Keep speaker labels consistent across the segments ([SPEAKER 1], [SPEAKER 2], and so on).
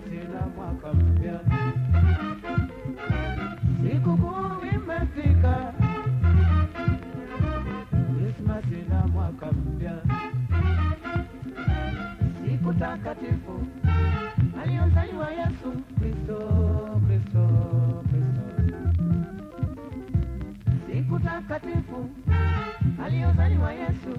[SPEAKER 1] tena mwaka mpya. Sikukuu imefika, Krismasi na mwaka mpya, siku takatifu aliyozaliwa Yesu Kristo, Kristo, Kristo, siku takatifu aliyozaliwa Yesu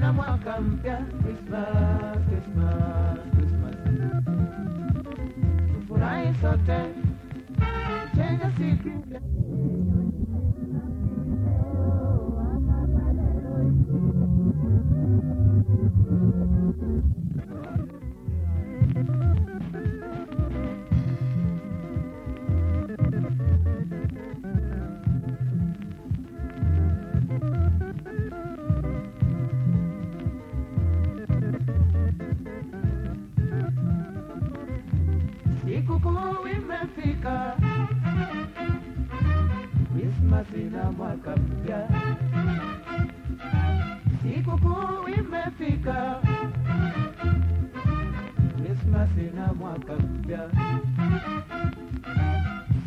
[SPEAKER 1] na mwaka mpya Christmas, Christmas, Christmas. Tufurahi sote chenye siku mpya sikukuu imefika, Krismasi na mwaka mpya. Sikukuu imefika, Krismasi na mwaka mpya.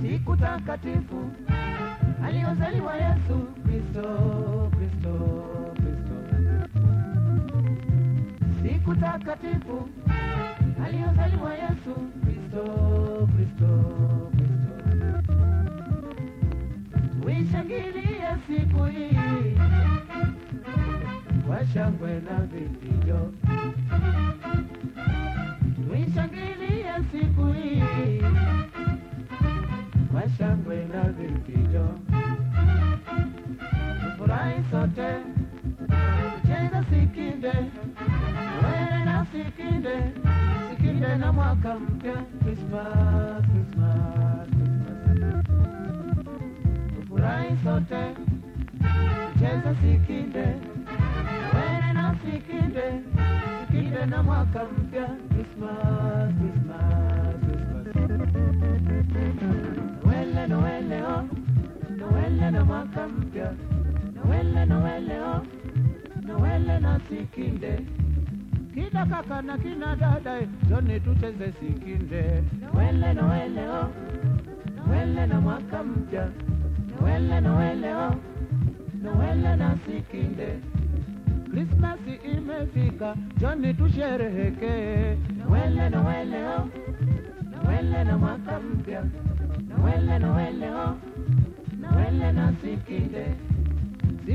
[SPEAKER 1] Siku takatifu aliyozaliwa Yesu Kristo, Kristo, Kristo. Siku takatifu aliyozaliwa Yesu Kristo. Kristo, Kristo, Kristo. Tuishangilie siku hii kwa shangwe na vifijo. Tuishangilie siku hii kwa shangwe na vifijo. Tufurahi sote, cheza sikinde, wele na sikinde tena mwaka mpya Christmas, Christmas, Christmas. Tufurahi sote, cheza Sikinde, wene na Sikinde, Sikinde na mwaka mpya Christmas, Christmas, Christmas. Noele, noele, oh, noele na mwaka mpya, noele, noele, oh, noele na Sikinde, kina kaka na kina dada, zoni tucheze Sikinde. noele noele o, noele na mwaka mpya, noele noele o, noele na Sikinde. Krismasi imefika, joni tusherehekee. noele noele o, noele na mwaka mpya, noele noele o, noele na Sikinde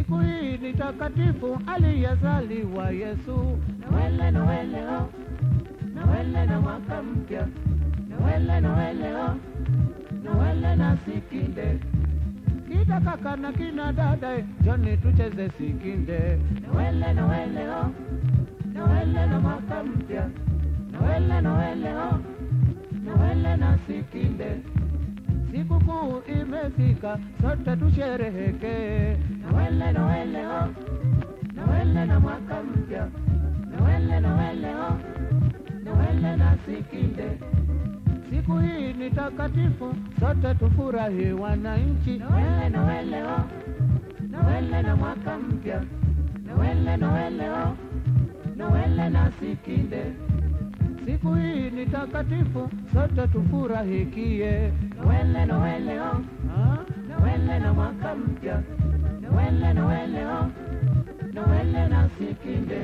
[SPEAKER 1] siku hii ni takatifu aliyezaliwa Yesu. Noele, noele o, noele na mwaka mpya, noele, noele o, noele na sikinde kita kaka na kina dada, Joni tucheze sikinde. Noele, noele o, noele na mwaka mpya, noele, noele o, noele na sikinde sikukuu imefika, sote tusherehekee Noele, Noele ho, Noele na mwaka mpya, Noele, Noele ho, Noele na sikinde. Siku hii ni takatifu, sote tufurahi wananchi. Noele, Noele ho, Noele na mwaka mpya, Noele, Noele ho, Noele na sikinde. Siku hii ni takatifu, sote tufurahikie. Noele, noele o, noele na mwaka mpya, noele, noele o, noele na sikinde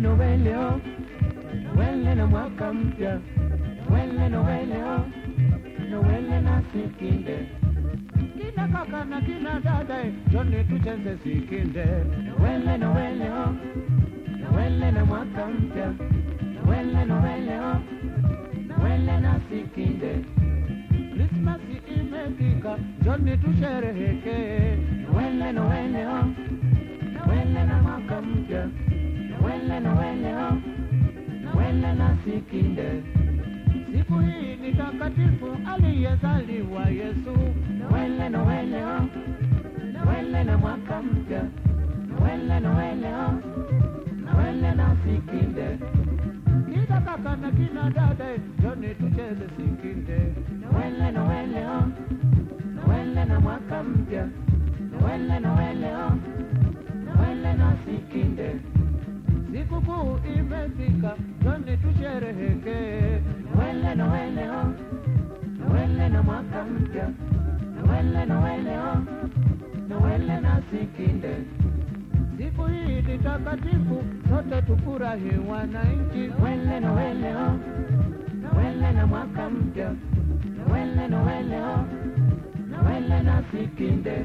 [SPEAKER 1] no wele o, wele no mwaka mpya, wele no wele o, no wele na sikinde. Kina kaka na kina dada, joni tucheze sikinde. Wele no wele o, no wele na mwaka mpya, wele no wele o, no wele na sikinde. Krismasi imefika, joni tusherehekee. Wele no wele o, usikinde. Siku hii ni takatifu aliyezaliwa Yesu. Noele, noele, oh. Noele na mwaka mpya. Noele, noele, oh. Noele na usikinde. Kina kaka na kina dada, joni tucheze sikinde. Noele, noele, oh. Noele na mwaka mpya. Noele, noele, oh. Noele na usikinde sikukuu imefika, twende tusherehekee Noele, Noele ho, Noele na mwaka mpya, Noele, Noele ho, Noele na sikinde. Siku hii ni takatifu, sote tufurahi wananchi. Noele, Noele ho, Noele na mwaka mpya, Noele, Noele ho, Noele na sikinde.